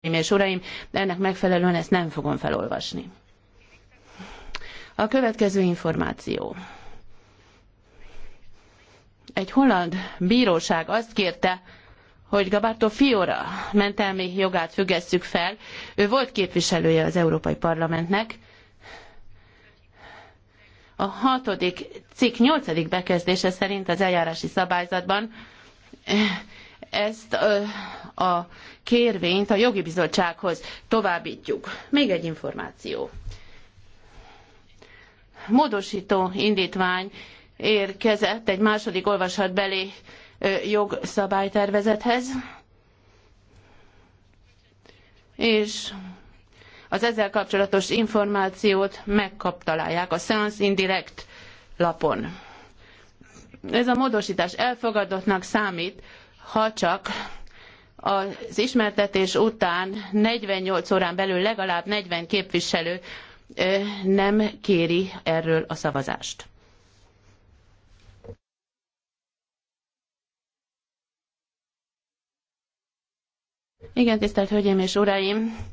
és uraim, ennek megfelelően ezt nem fogom felolvasni. A következő információ. Egy holland bíróság azt kérte, hogy Gabarto Fiora mentelmi jogát függesszük fel. Ő volt képviselője az Európai Parlamentnek. A hatodik cikk nyolcadik bekezdése szerint az eljárási szabályzatban eh, ezt a kérvényt a jogi bizottsághoz továbbítjuk. Még egy információ. Módosító indítvány érkezett egy második olvasatbeli jogszabálytervezethez, és az ezzel kapcsolatos információt megkaptalálják a Science Indirect lapon. Ez a módosítás elfogadottnak számít, ha csak az ismertetés után 48 órán belül legalább 40 képviselő nem kéri erről a szavazást. Igen, tisztelt Hölgyeim és Uraim!